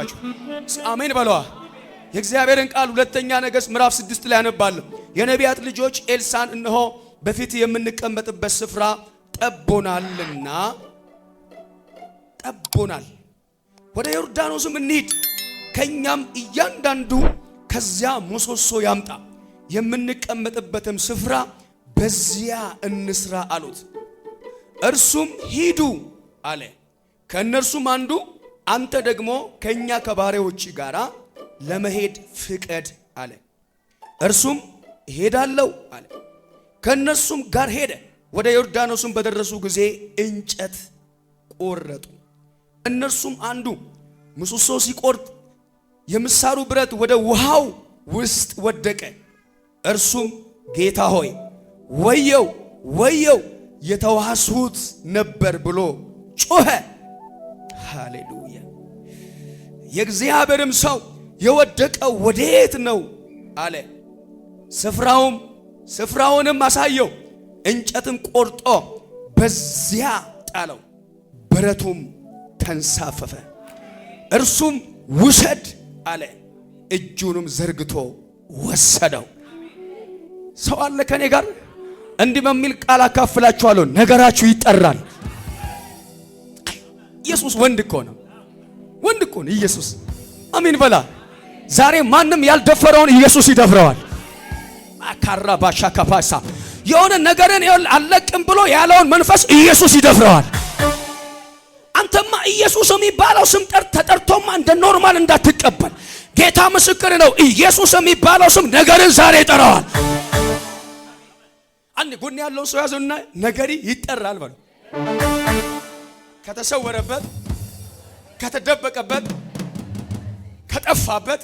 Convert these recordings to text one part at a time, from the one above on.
አለባችሁ። አሜን በለዋ። የእግዚአብሔርን ቃል ሁለተኛ ነገሥት ምዕራፍ ስድስት ላይ አነባለሁ። የነቢያት ልጆች ኤልሳን እነሆ በፊት የምንቀመጥበት ስፍራ ጠቦናልና ጠቦናል፣ ወደ ዮርዳኖስም እንሂድ፣ ከእኛም እያንዳንዱ ከዚያ ምሰሶ ያምጣ፣ የምንቀመጥበትም ስፍራ በዚያ እንስራ አሉት። እርሱም ሂዱ አለ። ከእነርሱም አንዱ አንተ ደግሞ ከኛ ከባሪያዎች ጋራ ለመሄድ ፍቀድ አለ። እርሱም እሄዳለሁ አለ። ከእነሱም ጋር ሄደ። ወደ ዮርዳኖስም በደረሱ ጊዜ እንጨት ቆረጡ። እነርሱም አንዱ ምሰሶ ሲቆርጥ የምሳሩ ብረት ወደ ውሃው ውስጥ ወደቀ። እርሱም ጌታ ሆይ ወየው ወየው የተዋሱት ነበር ብሎ ጮኸ። ሃሌሉያ። የእግዚአብሔርም ሰው የወደቀው ወዴት ነው አለ። ስፍራውም ስፍራውንም አሳየው። እንጨትም ቆርጦ በዚያ ጣለው፣ በረቱም ተንሳፈፈ። እርሱም ውሰድ አለ። እጁንም ዘርግቶ ወሰደው። ሰው አለ ከኔ ጋር እንዲህ በሚል ቃል አካፍላችኋለሁ። ነገራችሁ ይጠራል። ኢየሱስ ወንድ እኮ ነው። ወንድ እኮ ነው ኢየሱስ። አሜን በላ። ዛሬ ማንም ያልደፈረውን ኢየሱስ ይደፍረዋል። አካራ ባሻ ካፓሳ የሆነ ነገርን አለቅም ብሎ ያለውን መንፈስ ኢየሱስ ይደፍረዋል። አንተማ ኢየሱስ የሚባለው ስም ጠር ተጠርቶማ እንደ ኖርማል እንዳትቀበል። ጌታ ምስክር ነው። ኢየሱስ የሚባለው ስም ነገርን ዛሬ ይጠራዋል። አንድ ጎን ያለውን ሰው ያዘውና ነገሪ ይጠራል በለው ከተሰወረበት፣ ከተደበቀበት፣ ከጠፋበት፣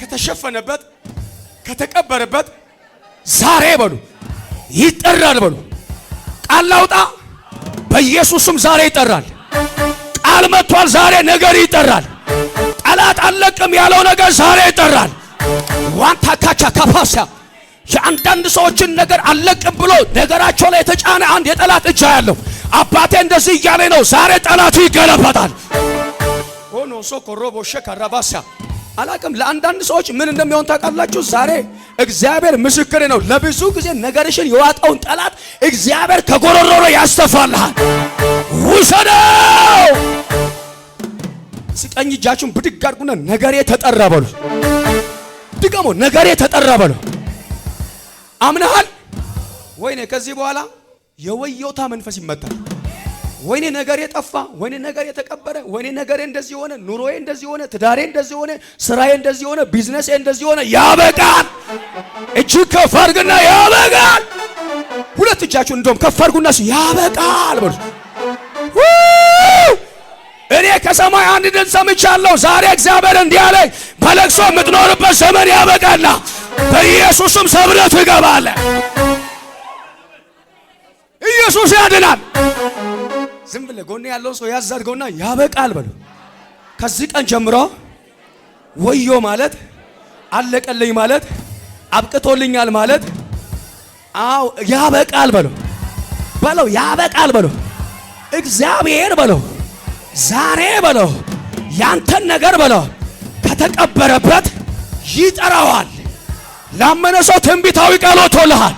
ከተሸፈነበት፣ ከተቀበረበት ዛሬ በሉ ይጠራል። በሉ ቃል ላውጣ። በኢየሱስም ዛሬ ይጠራል። ቃል መጥቷል። ዛሬ ነገር ይጠራል። ጠላት አለቅም ያለው ነገር ዛሬ ይጠራል። ዋንታ ካቻ ካፋሳ የአንዳንድ ሰዎችን ነገር አለቅም ብሎ ነገራቸው ላይ የተጫነ አንድ የጠላት እጃ ያለው አባቴ እንደዚህ እያለ ነው። ዛሬ ጠላቱ ይገለበጣል። ሆኖ ሶኮ ሮቦ ሸካራባሳ አላቅም። ለአንዳንድ ሰዎች ምን እንደሚሆን ታውቃላችሁ? ዛሬ እግዚአብሔር ምስክሬ ነው። ለብዙ ጊዜ ነገርሽን የዋጠውን ጠላት እግዚአብሔር ከጎሮሮ ያስተፋልሃል። ውሰደው። ስቀኝ እጃችሁን ብድግ አድርጉና ነገሬ ተጠራ በሉ። ድገሞ ነገሬ ተጠራ በሉ። አምነሃል ወይኔ ከዚህ በኋላ የወየውታ መንፈስ ይመታል። ወይኔ ነገር የጠፋ ወይኔ ነገር የተቀበረ ወይኔ ነገር እንደዚህ ሆነ፣ ኑሮዬ እንደዚህ ሆነ፣ ትዳሬ እንደዚህ ሆነ፣ ስራዬ እንደዚህ ሆነ፣ ቢዝነሴ እንደዚህ ሆነ። ያበቃል። እጅ ከፍ አድርግና ያበቃል። ሁለት እጃችሁ እንደውም ከፍ አድርጉና ያበቃል በሉ። እኔ ከሰማይ አንድ ድምፅ ሰምቻለሁ። ዛሬ እግዚአብሔር እንዲህ አለኝ፣ በለቅሶ የምትኖርበት ዘመን ያበቃልና በኢየሱስም ሰብረት ትገባለህ። ኢየሱስ ያድናል። ዝም ብለህ ጎን ያለው ሰው ያዝ ያበቃል በሉ። ከዚህ ቀን ጀምሮ ወዮ ማለት አለቀልኝ ማለት አብቅቶልኛል ማለት አው ያበቃል በሉ በለው ያበቃል በሉ እግዚአብሔር በለው ዛሬ በለው ያንተን ነገር በለው ከተቀበረበት ይጠራዋል። ላመነ ሰው ትንቢታዊ ቃል ወጥቶልሃል።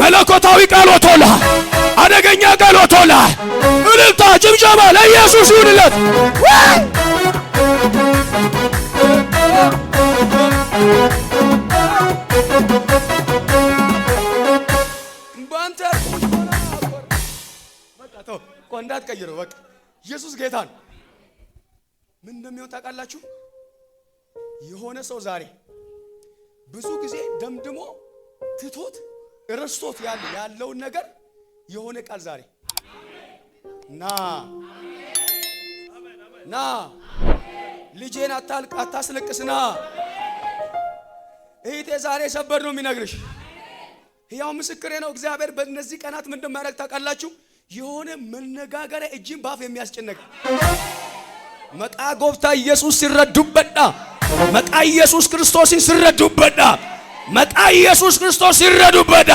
መለኮታዊ ቃል ወጥቶልሃል። ኃይለኛ ቃል ወጥቶልሃል። እልልታ ጭብጨባ ለኢየሱስ ይሁንለት። እንዳትቀይረው በቃ ኢየሱስ ጌታ ነው። ምን እንደሚሆን ታውቃላችሁ? የሆነ ሰው ዛሬ ብዙ ጊዜ ደምድሞ ትቶት ረስቶት ያለው ያለውን ነገር የሆነ ቃል ዛሬ ና ና ልጄን አታልቅ አታስለቅስና እህቴ ዛሬ ሰበር ነው የሚነግርሽ። ያው ምስክሬ ነው። እግዚአብሔር በእነዚህ ቀናት ምንድን ማድረግ ታውቃላችሁ? የሆነ መነጋገሪያ እጅን ባፍ የሚያስጨነቅ መቃ ጎብታ ኢየሱስ ሲረዱበዳ መቃ ኢየሱስ ክርስቶስን ሲረዱበዳ መጣ ኢየሱስ ክርስቶስ ይረዱበዳ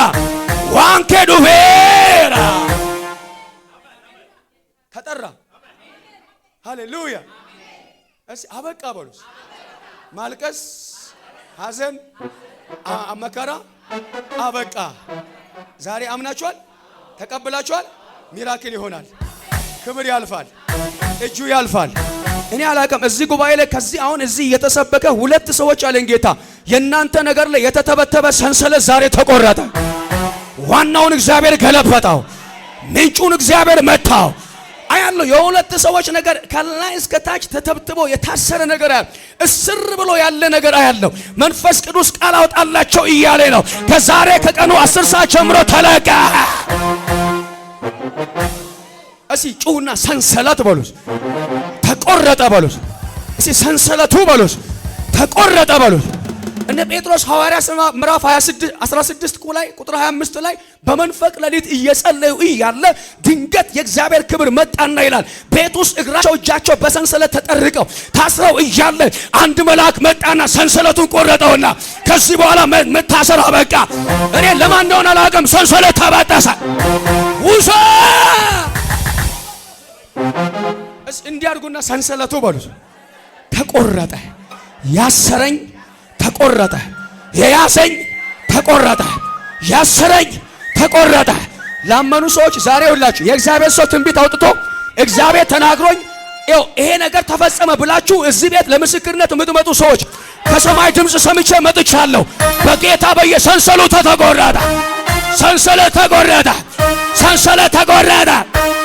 ዋንከዱ ሄራ ተጠራ። ሃሌሉያ። እስ አበቃ በሉስ። ማልቀስ፣ ሐዘን፣ መከራ አበቃ። ዛሬ አምናችኋል፣ ተቀብላችኋል። ሚራክል ይሆናል። ክብር ያልፋል፣ እጁ ያልፋል። እኔ አላውቅም። እዚህ ጉባኤ ላይ ከዚህ አሁን እዚህ እየተሰበከ ሁለት ሰዎች አለን ጌታ የእናንተ ነገር ላይ የተተበተበ ሰንሰለት ዛሬ ተቆረጠ። ዋናውን እግዚአብሔር ገለበጠው። ምንጩን እግዚአብሔር መታው። አያለሁ የሁለት ሰዎች ነገር ከላይ እስከ ታች ተተብትቦ የታሰረ ነገር አለ። እስር ብሎ ያለ ነገር አያለሁ። መንፈስ ቅዱስ ቃል አውጣላቸው እያለ ነው። ከዛሬ ከቀኑ አስር ሰዓት ጀምሮ ተለቀ። እሲ ጩሁና ሰንሰለት በሉስ ተቆረጠ በሉት። እስቲ ሰንሰለቱ በሉት ተቆረጠ በሉት። እነ ጴጥሮስ ሐዋርያ ሥራ ምዕራፍ 16 ላይ ቁጥር 25 ላይ በመንፈቅ ሌሊት እየጸለዩ እያለ ድንገት የእግዚአብሔር ክብር መጣና ይላል። ቤት ውስጥ እግራቸው እጃቸው በሰንሰለት ተጠርቀው ታስረው እያለ አንድ መልአክ መጣና ሰንሰለቱን ቆረጠውና ከዚህ በኋላ መታሰር አበቃ። እኔ ለማን እንደሆነ አላውቅም፣ ሰንሰለት ተበጠሰ። እንዲያድርጉና ሰንሰለቱ በሉት ተቆረጠ። ያሰረኝ ተቆረጠ። የያዘኝ ተቆረጠ። ያሰረኝ ተቆረጠ። ላመኑ ሰዎች ዛሬ ሁላችሁ የእግዚአብሔር ሰው ትንቢት አውጥቶ እግዚአብሔር ተናግሮኝ ይኸው ይሄ ነገር ተፈጸመ ብላችሁ እዚህ ቤት ለምስክርነት የምትመጡ ሰዎች ከሰማይ ድምፅ ሰምቼ መጥቻለሁ። በጌታ በየሰንሰለቱ ተቆረጠ። ሰንሰለት ተቆረጠ፣ ሰንሰለት ተቆረጠ።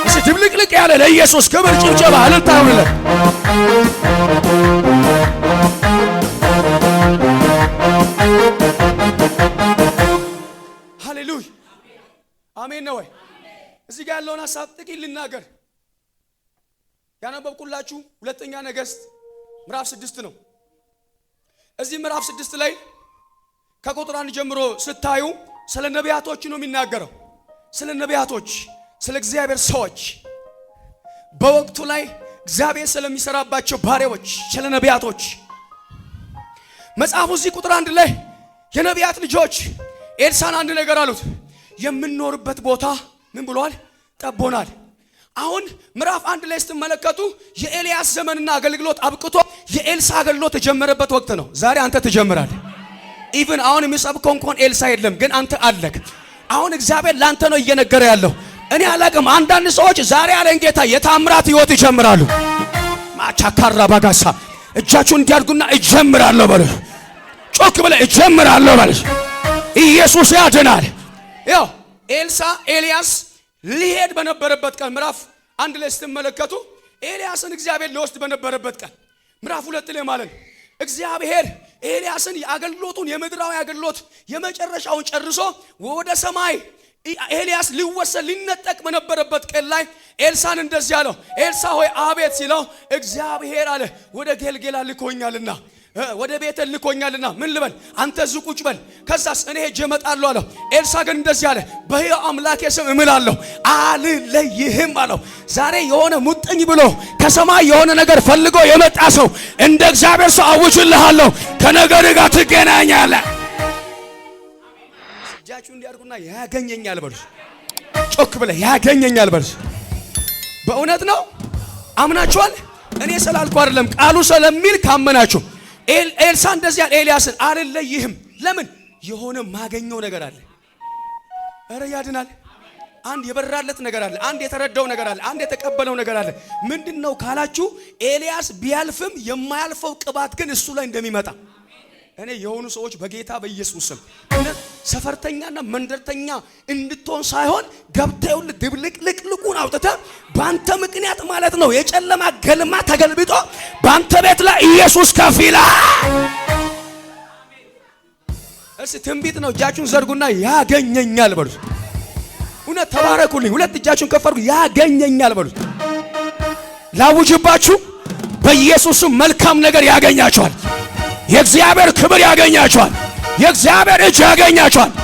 እሺ ድብልቅልቅ ያለ ለኢየሱስ ክብር ጭብጨባ እልልታ ይሁንለት። ሃሌሉያ አሜን ነው ወይ? እዚህ ጋር ያለውን ሀሳብ ጥቂት ልናገር። ያነበብኩላችሁ ሁለተኛ ነገሥት ምዕራፍ ስድስት ነው። እዚህ ምዕራፍ ስድስት ላይ ከቁጥር አንድ ጀምሮ ስታዩ ስለ ነቢያቶች ነው የሚናገረው። ስለ ነቢያቶች፣ ስለ እግዚአብሔር ሰዎች በወቅቱ ላይ እግዚአብሔር ስለሚሰራባቸው ባሪያዎች፣ ስለ ነቢያቶች መጽሐፉ እዚህ ቁጥር አንድ ላይ የነቢያት ልጆች ኤልሳን አንድ ነገር አሉት። የምንኖርበት ቦታ ምን ብሏል? ጠቦናል። አሁን ምዕራፍ አንድ ላይ ስትመለከቱ የኤልያስ ዘመንና አገልግሎት አብቅቶ የኤልሳ አገልግሎት ተጀመረበት ወቅት ነው። ዛሬ አንተ ትጀምራለህ። ኢቭን አሁን የሚሰብከው እንኳን ኤልሳ የለም፣ ግን አንተ አለክ። አሁን እግዚአብሔር ላንተ ነው እየነገረ ያለው። እኔ አላቅም። አንዳንድ ሰዎች ዛሬ አለን ጌታ የታምራት ህይወት ይጀምራሉ። ማቻካራ ባጋሳ እጃችሁ እንዲያድጉና እጀምራለሁ በሉ። ጮክ ብለ እጀምራለሁ በሉ። ኢየሱስ ያድናል። ያው ኤልሳ ኤልያስ ሊሄድ በነበረበት ቀን ምዕራፍ አንድ ላይ ስትመለከቱ ኤልያስን እግዚአብሔር ሊወስድ በነበረበት ቀን ምዕራፍ ሁለት ላይ ማለት ነው እግዚአብሔር ኤልያስን አገልግሎቱን የምድራዊ አገልግሎት የመጨረሻውን ጨርሶ ወደ ሰማይ ኤልያስ ሊወሰድ ሊነጠቅ በነበረበት ቀን ላይ ኤልሳን እንደዚህ አለው። ኤልሳ ሆይ አቤት ሲለው እግዚአብሔር አለ ወደ ጌልጌላ ልኮኛልና ወደ ቤተ ልኮኛልና ምን ልበል? አንተ እዚህ ቁጭ በል። ከዛስ እኔ ሄጄ እመጣለሁ አለው። ኤልሳ ግን እንደዚህ አለ፣ በሕያው አምላኬ ስም እምላለሁ አልለይህም አለው። ዛሬ የሆነ ሙጥኝ ብሎ ከሰማይ የሆነ ነገር ፈልጎ የመጣ ሰው እንደ እግዚአብሔር ሰው አውጅልሃለሁ፣ ከነገር ጋር ትገናኛለ። እጃችሁ እንዲያርጉና ያገኘኛል በሉ። ጮክ ብለህ ያገኘኛል በሉ። በእውነት ነው። አምናችኋል። እኔ ስላልኩ አይደለም ቃሉ ስለሚል ካመናችሁ ኤልሳ እንደዚህ ያለ ኤልያስን አልለይህም። ለምን? የሆነ ማገኘው ነገር አለ። እረ ያድናል። አንድ የበራለት ነገር አለ። አንድ የተረዳው ነገር አለ። አንድ የተቀበለው ነገር አለ። ምንድነው ካላችሁ ኤልያስ ቢያልፍም የማያልፈው ቅባት ግን እሱ ላይ እንደሚመጣ እኔ የሆኑ ሰዎች በጌታ በኢየሱስም ሰፈርተኛና መንደርተኛ እንድትሆን ሳይሆን ገብተውል ድብልቅልቅልቁን አውጥተህ በአንተ ምክንያት ማለት ነው የጨለማ ገልማ ተገልብጦ በአንተ ቤት ላይ ኢየሱስ ከፍ ይላል። ትንቢት ነው። እጃችሁን ዘርጉና ያገኘኛል በሉ። እውነት ተባረኩልኝ። ሁለት እጃችሁን ከፈርጉ ያገኘኛል በሉ። ላውጅባችሁ በኢየሱስም መልካም ነገር ያገኛችኋል። የእግዚአብሔር ክብር ያገኛቸዋል። የእግዚአብሔር እጅ ያገኛቸዋል።